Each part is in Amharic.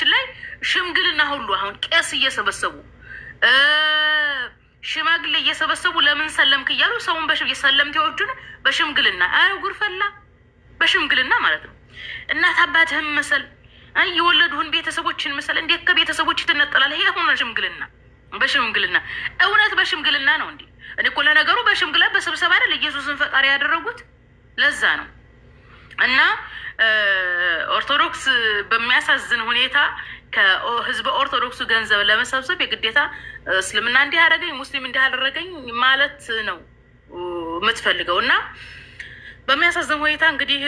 በነገራችን ላይ ሽምግልና ሁሉ አሁን ቄስ እየሰበሰቡ ሽማግሌ እየሰበሰቡ ለምን ሰለምክ እያሉ ሰውን ሰለምቴዎቹን በሽምግልና አይ ጉርፈላ በሽምግልና ማለት ነው። እናት አባትህን መሰል የወለዱህን ቤተሰቦችን መሰል እንዴት ከቤተሰቦች ትነጠላል? ይሄ ሆነ ሽምግልና በሽምግልና እውነት በሽምግልና ነው እንዴ? እኔ እኮ ለነገሩ በሽምግላ በስብሰባ አይደል ኢየሱስን ፈጣሪ ያደረጉት ለዛ ነው። እና ኦርቶዶክስ በሚያሳዝን ሁኔታ ከህዝብ ኦርቶዶክሱ ገንዘብ ለመሰብሰብ የግዴታ እስልምና እንዲህ አደረገኝ ሙስሊም እንዲህ አደረገኝ ማለት ነው የምትፈልገው እና በሚያሳዝን ሁኔታ እንግዲህ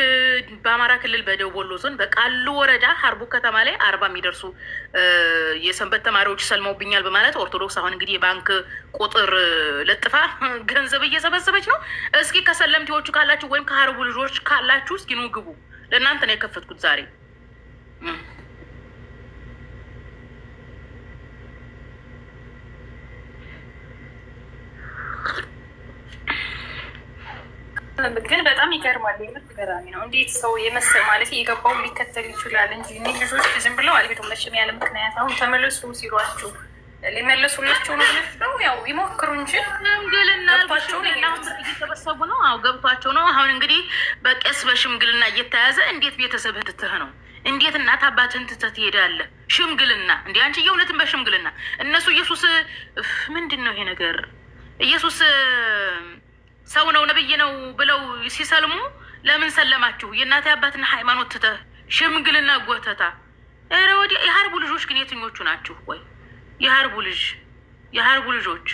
በአማራ ክልል በደቡብ ወሎ ዞን በቃሉ ወረዳ ሀርቡ ከተማ ላይ አርባ የሚደርሱ የሰንበት ተማሪዎች ሰልመውብኛል በማለት ኦርቶዶክስ አሁን እንግዲህ የባንክ ቁጥር ለጥፋ ገንዘብ እየሰበሰበች ነው። እስኪ ከሰለምቲዎቹ ካላችሁ ወይም ከሀርቡ ልጆች ካላችሁ እስኪ ኑ ግቡ። ለእናንተ ነው የከፈትኩት ዛሬ ግን በጣም ይገርማል። የምር ገራሚ ነው። እንዴት ሰው የመሰል ማለት የገባው ሊከተል ይችላል እንጂ እኒህ ልጆች ዝም ብለው አልቤዶም መቼም ያለ ምክንያት አሁን ተመለሱ ሲሏችሁ ሊመለሱላቸው ነው ነው ያው ይሞክሩ እንጂ እየተበሰቡ ነው። አዎ ገብቷቸው ነው። አሁን እንግዲህ በቄስ በሽምግልና እየተያዘ እንዴት ቤተሰብ ትትህ ነው እንዴት እናት አባትን ትተህ ትሄዳለህ? ሽምግልና እንዲ አንቺ የእውነትን በሽምግልና እነሱ ኢየሱስ ምንድን ነው ይሄ ነገር ኢየሱስ ሰው ነው ነብይ ነው ብለው ሲሰልሙ ለምን ሰለማችሁ? የእናት አባትና ሃይማኖት ትተህ ሽምግልና ጎተታ ኧረ ወዲያ። የሀርቡ ልጆች ግን የትኞቹ ናችሁ? ወይ የሀርቡ ልጅ የሀርቡ ልጆች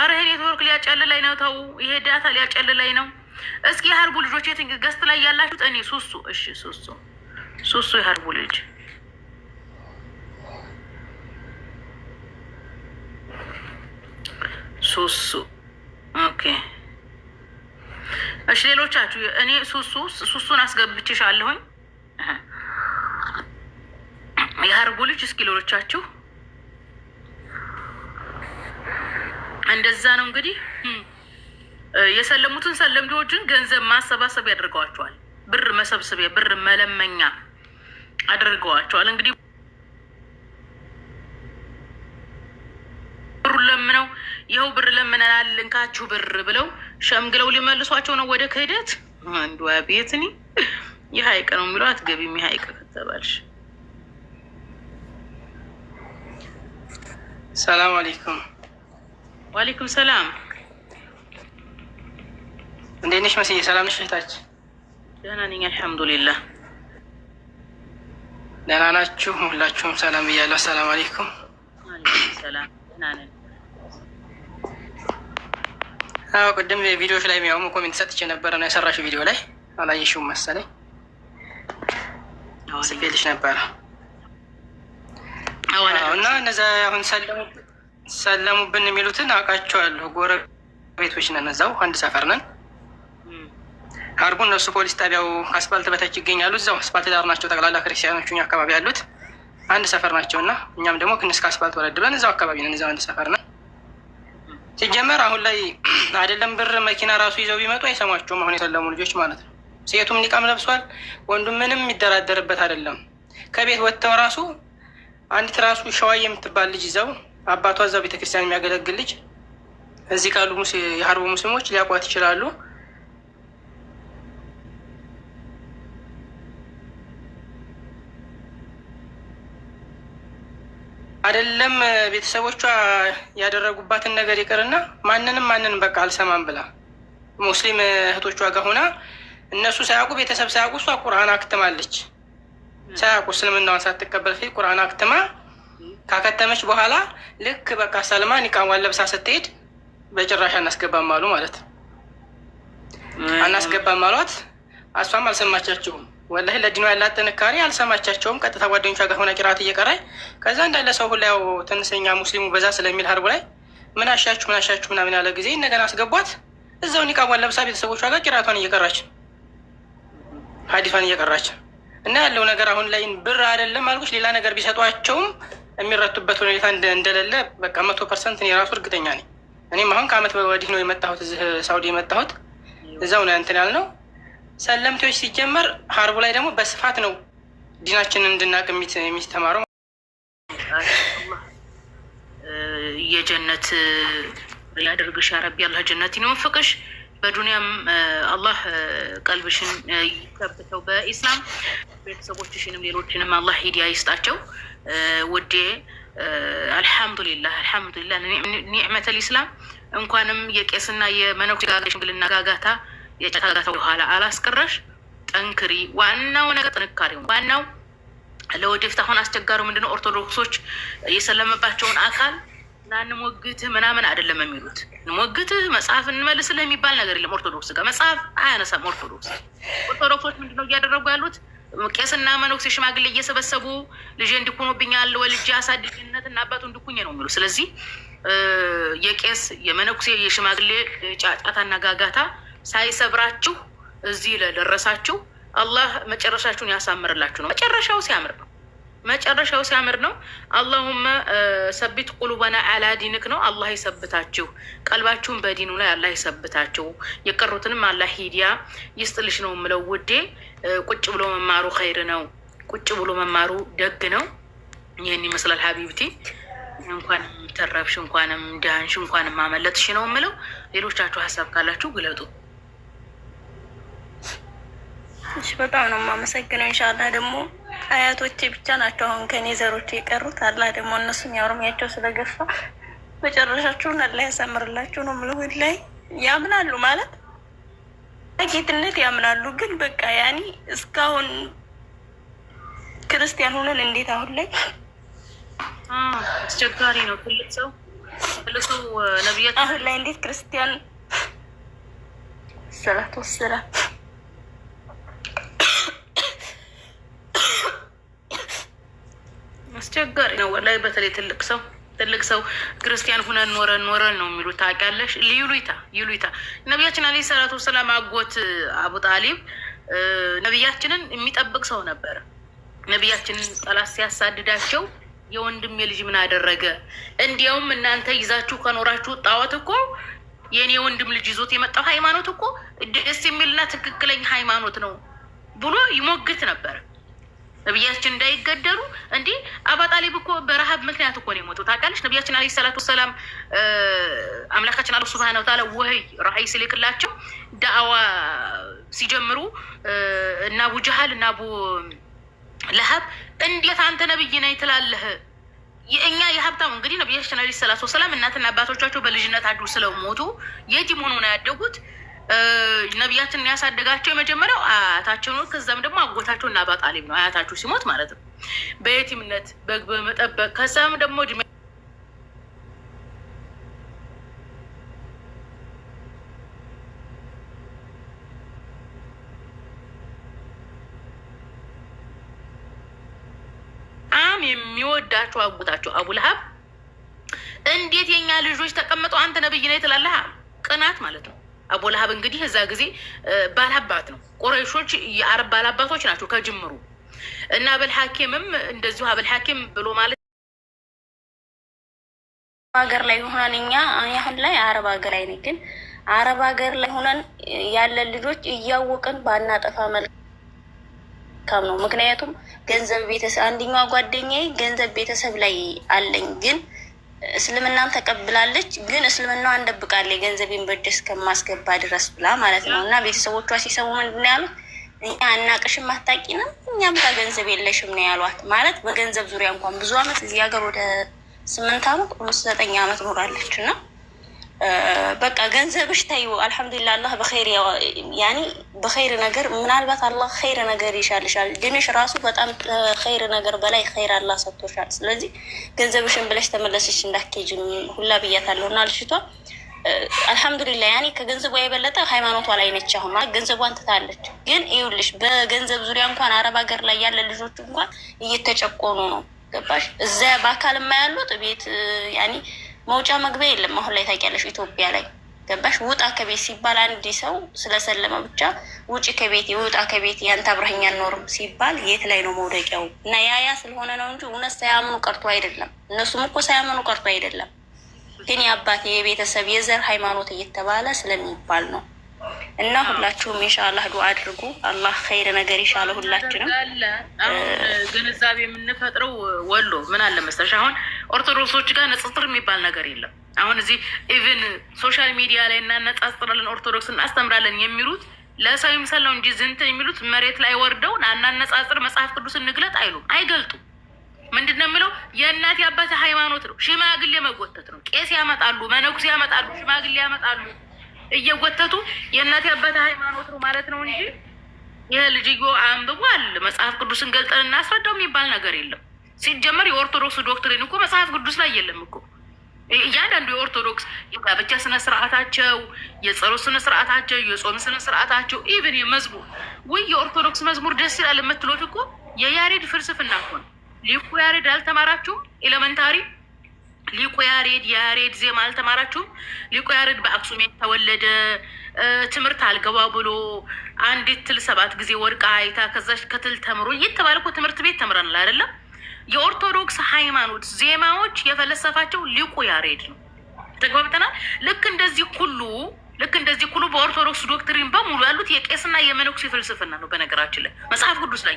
አረ ይሄ ኔትወርክ ሊያጨል ላይ ነው። ተው፣ ይሄ ዳታ ሊያጨል ላይ ነው። እስኪ የሀርቡ ልጆች የት ገስት ላይ ያላችሁ እኔ ሱሱ፣ እሺ ሱሱ፣ ሱሱ የሀርቡ ልጅ ሱሱ ኦኬ እሺ፣ ሌሎቻችሁ እኔ ሱሱ ሱሱን አስገብችሻለሁኝ። የሀርቡ ልጅ እስኪ ሌሎቻችሁ እንደዛ ነው እንግዲህ የሰለሙትን ሰለምዲዎችን ገንዘብ ማሰባሰብ ያደርገዋቸዋል። ብር መሰብሰቢያ ብር መለመኛ አድርገዋቸዋል እንግዲህ ይኸው ብር ለምነናል ልንካችሁ ብር ብለው ሸምግለው ሊመልሷቸው ነው ወደ ክህደት። አንዱ አቤት እኔ ይህ ነው የሚለው አትገቢም። ይህ ከተባልሽ ሰላም አሌይኩም። ዋሌይኩም ሰላም። እንዴት ነሽ መስዬ? ሰላም ነሽ እህታች? ደህና ነኝ አልሐምዱሊላ። ደህና ናችሁ? ሁላችሁም ሰላም እያለሁ። አሰላም አሌይኩም። ሰላም ደህና ነን አዎ ቅድም ቪዲዮዎች ላይ የሚያውም ኮሜንት ሰጥቼ ነበረ ነው የሰራሽ ቪዲዮ ላይ አላየሽውም መሰለኝ። ስፌልሽ ነበረ እና እነዛ አሁን ሰለሙብን የሚሉትን አውቃቸዋለሁ። ጎረቤቶች ነን፣ እዛው አንድ ሰፈር ነን። አርቡ እነሱ ፖሊስ ጣቢያው አስፓልት በታች ይገኛሉ። እዛው አስፓልት ዳር ናቸው ጠቅላላ ክርስቲያኖቹ እኛ አካባቢ ያሉት አንድ ሰፈር ናቸው እና እኛም ደግሞ እስከ አስፓልት ወረድ ብለን እዛው አካባቢ ነን። እዛው አንድ ሰፈር ነን። ሲጀመር አሁን ላይ አይደለም ብር መኪና ራሱ ይዘው ቢመጡ አይሰማቸውም። አሁን የሰለሙ ልጆች ማለት ነው። ሴቱም ኒቃም ለብሷል፣ ወንዱም ምንም የሚደራደርበት አይደለም። ከቤት ወጥተው ራሱ አንዲት ራሱ ሸዋይ የምትባል ልጅ ይዘው አባቷ እዛው ቤተክርስቲያን የሚያገለግል ልጅ እዚህ ካሉ የሀርቡ ሙስሊሞች ሊያቋት ይችላሉ። አይደለም ቤተሰቦቿ ያደረጉባትን ነገር ይቅርና ማንንም ማንንም በቃ አልሰማም ብላ ሙስሊም እህቶቿ ጋር ሆና እነሱ ሳያውቁ ቤተሰብ ሳያውቁ እሷ ቁርአን አክትማለች። ሳያውቁ እስልምናዋን ሳትቀበል ፊት ቁርአን አክትማ ካከተመች በኋላ ልክ በቃ ሰልማን ኢቃሟን ለብሳ ስትሄድ በጭራሽ አናስገባም አሉ ማለት ነው። አናስገባም አሏት። እሷም አልሰማቻቸውም። ወላሂ ለዲኑ ያላት ጥንካሬ አልሰማቻቸውም። ቀጥታ ጓደኞቿ ጋር ሆነ ቂራት እየቀራይ ከዛ እንዳለ ሰው ሁላ ያው ትንሰኛ ሙስሊሙ በዛ ስለሚል ሀርቡ ላይ ምን አሻችሁ ምን አሻችሁ ምናምን ያለ ጊዜ እነገና አስገቧት። እዛው ኒቃቧን ለብሳ ቤተሰቦቿ ጋር ቂራቷን እየቀራች ሀዲሷን እየቀራች እና ያለው ነገር አሁን ላይ ብር አይደለም አልኩሽ። ሌላ ነገር ቢሰጧቸውም የሚረቱበት ሁኔታ እንደሌለ በቃ መቶ ፐርሰንት እኔ ራሱ እርግጠኛ ነኝ። እኔም አሁን ከአመት ወዲህ ነው የመጣሁት፣ እዚህ ሳውዲ የመጣሁት እዛው ነው እንትን ያልነው ሰለምቴዎች ሲጀመር ሀርቡ ላይ ደግሞ በስፋት ነው ዲናችንን እንድናቅ የሚስተማረው። የጀነት ያደርግሽ ያረቢ አላህ ጀነት ይንወፍቅሽ። በዱኒያም አላህ ቀልብሽን ይከብተው በኢስላም ቤተሰቦችሽንም ሌሎችንም አላህ ሂዲያ ይስጣቸው። ውዴ አልሐምዱሊላህ አልሐምዱሊላህ ኒዕመተል ኢስላም እንኳንም የቄስና የመነኩሴ ሽምግልና ጋጋታ የጨካታ በኋላ አላስቀረሽ ጠንክሪ። ዋናው ነገር ጥንካሬ ዋናው ለወደፊት አሁን አስቸጋሪው ምንድነው? ኦርቶዶክሶች የሰለመባቸውን አካል ናንሞግትህ ምናምን አይደለም የሚሉት እንሞግትህ መጽሐፍ እንመልስልህ የሚባል ነገር የለም። ኦርቶዶክስ ጋር መጽሐፍ አያነሳም። ኦርቶዶክስ ኦርቶዶክሶች ምንድነው እያደረጉ ያሉት? ቄስና መነኩሴ ሽማግሌ እየሰበሰቡ ልጄ እንዲኩኖብኛል ወልጄ አሳድግነት እና አባቱ እንዲኩኝ ነው የሚሉ። ስለዚህ የቄስ የመነኩሴ የሽማግሌ ጫጫታና ጋጋታ ሳይሰብራችሁ እዚህ ለደረሳችሁ አላህ መጨረሻችሁን ያሳምርላችሁ ነው። መጨረሻው ሲያምር ነው። መጨረሻው ሲያምር ነው። አላሁመ ሰቢት ቁሉበና አላ ዲንክ ነው። አላህ ይሰብታችሁ፣ ቀልባችሁን በዲኑ ላይ አላህ ይሰብታችሁ። የቀሩትንም አላህ ሂዲያ ይስጥልሽ ነው የምለው ውዴ። ቁጭ ብሎ መማሩ ኸይር ነው። ቁጭ ብሎ መማሩ ደግ ነው። ይህን ይመስላል ሀቢብቲ። እንኳንም ተረብሽ፣ እንኳንም ዳንሽ፣ እንኳንም አመለጥሽ ነው የምለው። ሌሎቻችሁ ሀሳብ ካላችሁ ግለጡ። እሺ፣ በጣም ነው የማመሰግነው። ኢንሻአላህ ደግሞ አያቶቼ ብቻ ናቸው አሁን ከኔ ዘሮቼ የቀሩት። አላህ ደግሞ እነሱም ያውርሚያቸው ስለገፋ መጨረሻችሁን አላህ ያሳምርላችሁ ነው የምለው። ላይ ያምናሉ ማለት ጌትነት ያምናሉ፣ ግን በቃ ያኔ እስካሁን ክርስቲያን ሆነን እንዴት አሁን ላይ አስቸጋሪ ነው። ትልቅ ሰው ትልቅ ሰው ነብያት አሁን ላይ እንዴት ክርስቲያን ሰላት ወሰላም አስቸጋሪ ነው ወላሂ። በተለይ ትልቅ ሰው ትልቅ ሰው ክርስቲያን ሁነን ኖረን ኖረን ነው የሚሉ ታውቂያለሽ። ይሉኝታ ይሉኝታ ነቢያችን አለይሂ ሰላቱ ወሰላም አጎት አቡ ጣሊብ ነቢያችንን የሚጠብቅ ሰው ነበረ። ነቢያችንን ጠላት ሲያሳድዳቸው የወንድሜ ልጅ ምን አደረገ? እንዲያውም እናንተ ይዛችሁ ከኖራችሁ ጣዖት እኮ የእኔ ወንድም ልጅ ይዞት የመጣው ሃይማኖት እኮ ደስ የሚልና ትክክለኛ ሃይማኖት ነው ብሎ ይሞግት ነበር። ነቢያችን እንዳይገደሉ እንዲህ አባጣሊብ እኮ በረሃብ ምክንያት እኮ ነው የሞተው። ታውቃለች ነቢያችን አለ ሰላት ሰላም አምላካችን አለ ስብሃነ ታላ ወህይ ራእይ ስልክላቸው ዳዕዋ ሲጀምሩ እና አቡ ጀሀል እና አቡ ለሀብ እንዴት አንተ ነብይ ነኝ ትላለህ? የእኛ የሀብታሙ እንግዲህ ነቢያችን አለ ሰላት ሰላም እናትና አባቶቻቸው በልጅነታቸው ስለሞቱ የቲም ሆኖ ነው ያደጉት። ነቢያትን ያሳደጋቸው የመጀመሪያው አያታቸው ነው። ከዛም ደግሞ አጎታቸው እና አባ ነው። አያታቸው ሲሞት ማለት ነው። በየቲምነት በግ በመጠበቅ ከዛም ደግሞ እድሜ የሚወዳቸው አጎታቸው አቡልሀብ እንዴት የኛ ልጆች ተቀምጠው አንተ ነብይ ነህ ትላለህ? ቅናት ማለት ነው። አቦላሀብ እንግዲህ እዛ ጊዜ ባላባት ነው። ቁረይሾች የአረብ ባላባቶች ናቸው ከጅምሩ እና አበል ሀኪምም እንደዚሁ አበል ሀኪም ብሎ ማለት ሀገር ላይ ሆነን እኛ አሁን ላይ አረብ ሀገር ላይ ግን አረብ ሀገር ላይ ሆነን ያለን ልጆች እያወቅን ባናጠፋ መልካም ነው። ምክንያቱም ገንዘብ ቤተሰብ አንደኛዋ ጓደኛዬ ገንዘብ ቤተሰብ ላይ አለኝ ግን እስልምናን ተቀብላለች፣ ግን እስልምናዋ እንደብቃለ የገንዘቤን በእጄ እስከማስገባ ድረስ ብላ ማለት ነው። እና ቤተሰቦቿ ሲሰሙ ምንድን ነው ያሉት? እኛ አናቅሽም፣ አታውቂንም፣ እኛም ጋር ገንዘብ የለሽም ነው ያሏት። ማለት በገንዘብ ዙሪያ እንኳን ብዙ አመት እዚህ ሀገር ወደ ስምንት አመት ሁሉ ዘጠኝ አመት ኖራለች ነው በቃ ገንዘብሽ ተይው። አልሐምዱሊላህ አላህ በኸይር ያኒ በኸይር ነገር ምናልባት አላህ ኸይር ነገር ይሻልሻል። ድንሽ ራሱ በጣም ኸይር ነገር በላይ ኸይር አላህ ሰጥቶሻል። ስለዚህ ገንዘብሽን ብለሽ ተመለስሽ እንዳትኬጂ ሁላ ብያታለሁ እና ልሽቷ አልሐምዱሊላ ያኔ ከገንዘቧ የበለጠ ሃይማኖቷ ላይ ነች። አሁን ገንዘቧን ትታለች። ግን ይኸውልሽ በገንዘብ ዙሪያ እንኳን አረብ ሀገር ላይ ያለ ልጆች እንኳን እየተጨቆኑ ነው። ገባሽ? እዛ በአካልማ ያሉት ቤት ያኔ መውጫ መግቢያ የለም። አሁን ላይ ታውቂያለሽ፣ ኢትዮጵያ ላይ ገባሽ ውጣ ከቤት ሲባል አንድ ሰው ስለሰለመ ብቻ ውጭ ከቤት ውጣ ከቤት ያንተ አብረኸኝ አልኖርም ሲባል የት ላይ ነው መውደቂያው? እና ያያ ስለሆነ ነው እንጂ እውነት ሳያምኑ ቀርቶ አይደለም። እነሱም እኮ ሳያምኑ ቀርቶ አይደለም። ግን የአባቴ የቤተሰብ የዘር ሃይማኖት እየተባለ ስለሚባል ነው። እና ሁላችሁም ኢንሻአላህ ዱዓ አድርጉ። አላህ ኸይር ነገር ይሻለ ሁላችንም። አሁን ግንዛቤ የምንፈጥረው ወሎ ምን አለ መሰለሽ፣ አሁን ኦርቶዶክሶች ጋር ንጽጽር የሚባል ነገር የለም። አሁን እዚህ ኢቭን ሶሻል ሚዲያ ላይ እናነጻጽራለን፣ ኦርቶዶክስ እናስተምራለን የሚሉት ለሰው ይምሰል እንጂ ዝንት የሚሉት መሬት ላይ ወርደው እናነጻጽር፣ መጽሐፍ ቅዱስ እንግለጥ አይሉም፣ አይገልጡም። ምንድን ነው የምለው የእናት የአባት ሃይማኖት ነው። ሽማግሌ መጎተት ነው። ቄስ ያመጣሉ፣ መነኩስ ያመጣሉ፣ ሽማግሌ ያመጣሉ እየጎተቱ የእናት አባት ሃይማኖት ነው ማለት ነው እንጂ ይህ ልጅዮ አንብቧል። መጽሐፍ ቅዱስን ገልጠን እናስረዳው የሚባል ነገር የለም። ሲጀመር የኦርቶዶክስ ዶክትሪን እኮ መጽሐፍ ቅዱስ ላይ የለም እኮ። እያንዳንዱ የኦርቶዶክስ የጋብቻ ስነ ስርዓታቸው፣ የጸሎት ስነ ስርዓታቸው፣ የጾም ስነ ስርዓታቸው፣ ኢቨን የመዝሙር ወይ የኦርቶዶክስ መዝሙር ደስ ይላል የምትሉት እኮ የያሬድ ፍልስፍና እኮ ነው። ሊቁ ያሬድ አልተማራችሁም? ኤሌመንታሪ ሊቁ ያሬድ ያሬድ ዜማ አልተማራችሁም? ሊቁ ያሬድ በአክሱም የተወለደ ትምህርት አልገባ ብሎ አንዲት ትል ሰባት ጊዜ ወድቃ አይታ ከዛች ከትል ተምሮ እየተባለ እኮ ትምህርት ቤት ተምረናል አይደለም? የኦርቶዶክስ ሃይማኖት ዜማዎች የፈለሰፋቸው ሊቁ ያሬድ ነው። ተግባብተናል። ልክ እንደዚህ ሁሉ ልክ እንደዚህ ሁሉ በኦርቶዶክስ ዶክትሪን በሙሉ ያሉት የቄስና የመነኩሴ ፍልስፍና ነው። በነገራችን ላይ መጽሐፍ ቅዱስ ላይ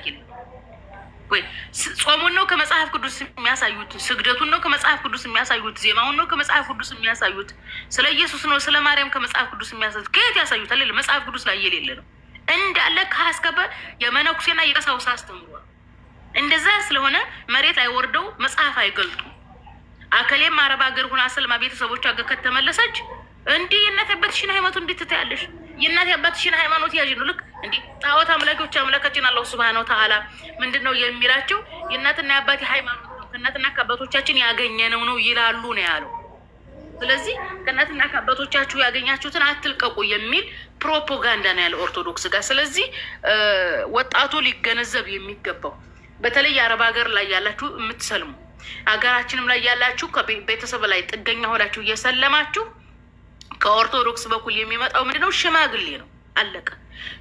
ጾሙን ነው ከመጽሐፍ ቅዱስ የሚያሳዩት፣ ስግደቱን ነው ከመጽሐፍ ቅዱስ የሚያሳዩት፣ ዜማውን ነው ከመጽሐፍ ቅዱስ የሚያሳዩት፣ ስለ ኢየሱስ ነው ስለ ማርያም ከመጽሐፍ ቅዱስ የሚያሳዩት። ከየት ያሳዩት? አለ መጽሐፍ ቅዱስ ላይ የሌለ ነው እንዳለ ካስከበ የመነኩሴና የቀሳውስት አስተምሮ እንደዛ ስለሆነ መሬት አይወርደው መጽሐፍ አይገልጡ አከሌም አረብ ሀገር ሁና ስልማ ቤተሰቦች ጋር ከተመለሰች እንዲህ የእናት አባትሽን ሃይማኖት እንዴት ትታያለሽ? የእናት አባትሽን ሃይማኖት ያዥ ነው ልክ እንዲህ ጣዖት አምላኪዎች አምላካችን አላሁ ስብሃነ ወተዓላ ምንድን ነው የሚላቸው? የእናትና የአባቴ ሃይማኖት ከእናትና ከአባቶቻችን ያገኘነው ነው ይላሉ ነው ያለው። ስለዚህ ከእናትና ከአባቶቻችሁ ያገኛችሁትን አትልቀቁ የሚል ፕሮፓጋንዳ ነው ያለ ኦርቶዶክስ ጋር። ስለዚህ ወጣቱ ሊገነዘብ የሚገባው በተለይ አረብ ሀገር ላይ ያላችሁ የምትሰልሙ ሀገራችንም ላይ ያላችሁ ከቤተሰብ ላይ ጥገኛ ሆናችሁ እየሰለማችሁ ከኦርቶዶክስ በኩል የሚመጣው ምንድነው? ሽማግሌ ነው። አለቀ።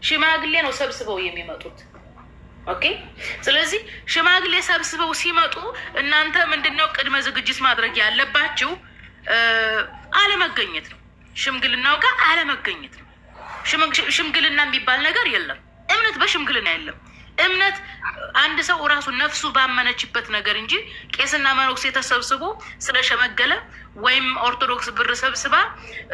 ሽማግሌ ነው ሰብስበው የሚመጡት። ኦኬ። ስለዚህ ሽማግሌ ሰብስበው ሲመጡ እናንተ ምንድነው ቅድመ ዝግጅት ማድረግ ያለባችሁ? አለመገኘት ነው። ሽምግልናው ጋር አለመገኘት ነው። ሽምግልና የሚባል ነገር የለም። እምነት በሽምግልና የለም። እምነት አንድ ሰው ራሱ ነፍሱ ባመነችበት ነገር እንጂ ቄስና መነኩሴ ተሰብስቦ ስለሸመገለ ወይም ኦርቶዶክስ ብር ሰብስባ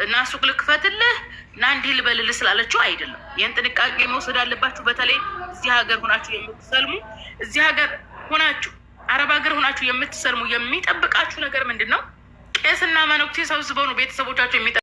እና ሱቅ ልክፈትልህ እና እንዲህ ልበልልህ ስላለችው አይደለም። ይህን ጥንቃቄ መውሰድ አለባችሁ። በተለይ እዚህ ሀገር ሁናችሁ የምትሰልሙ እዚህ ሀገር ሁናችሁ አረብ ሀገር ሁናችሁ የምትሰልሙ የሚጠብቃችሁ ነገር ምንድን ነው? ቄስና መነኩሴ ሰብስበው ነው ቤተሰቦቻቸው የሚጠ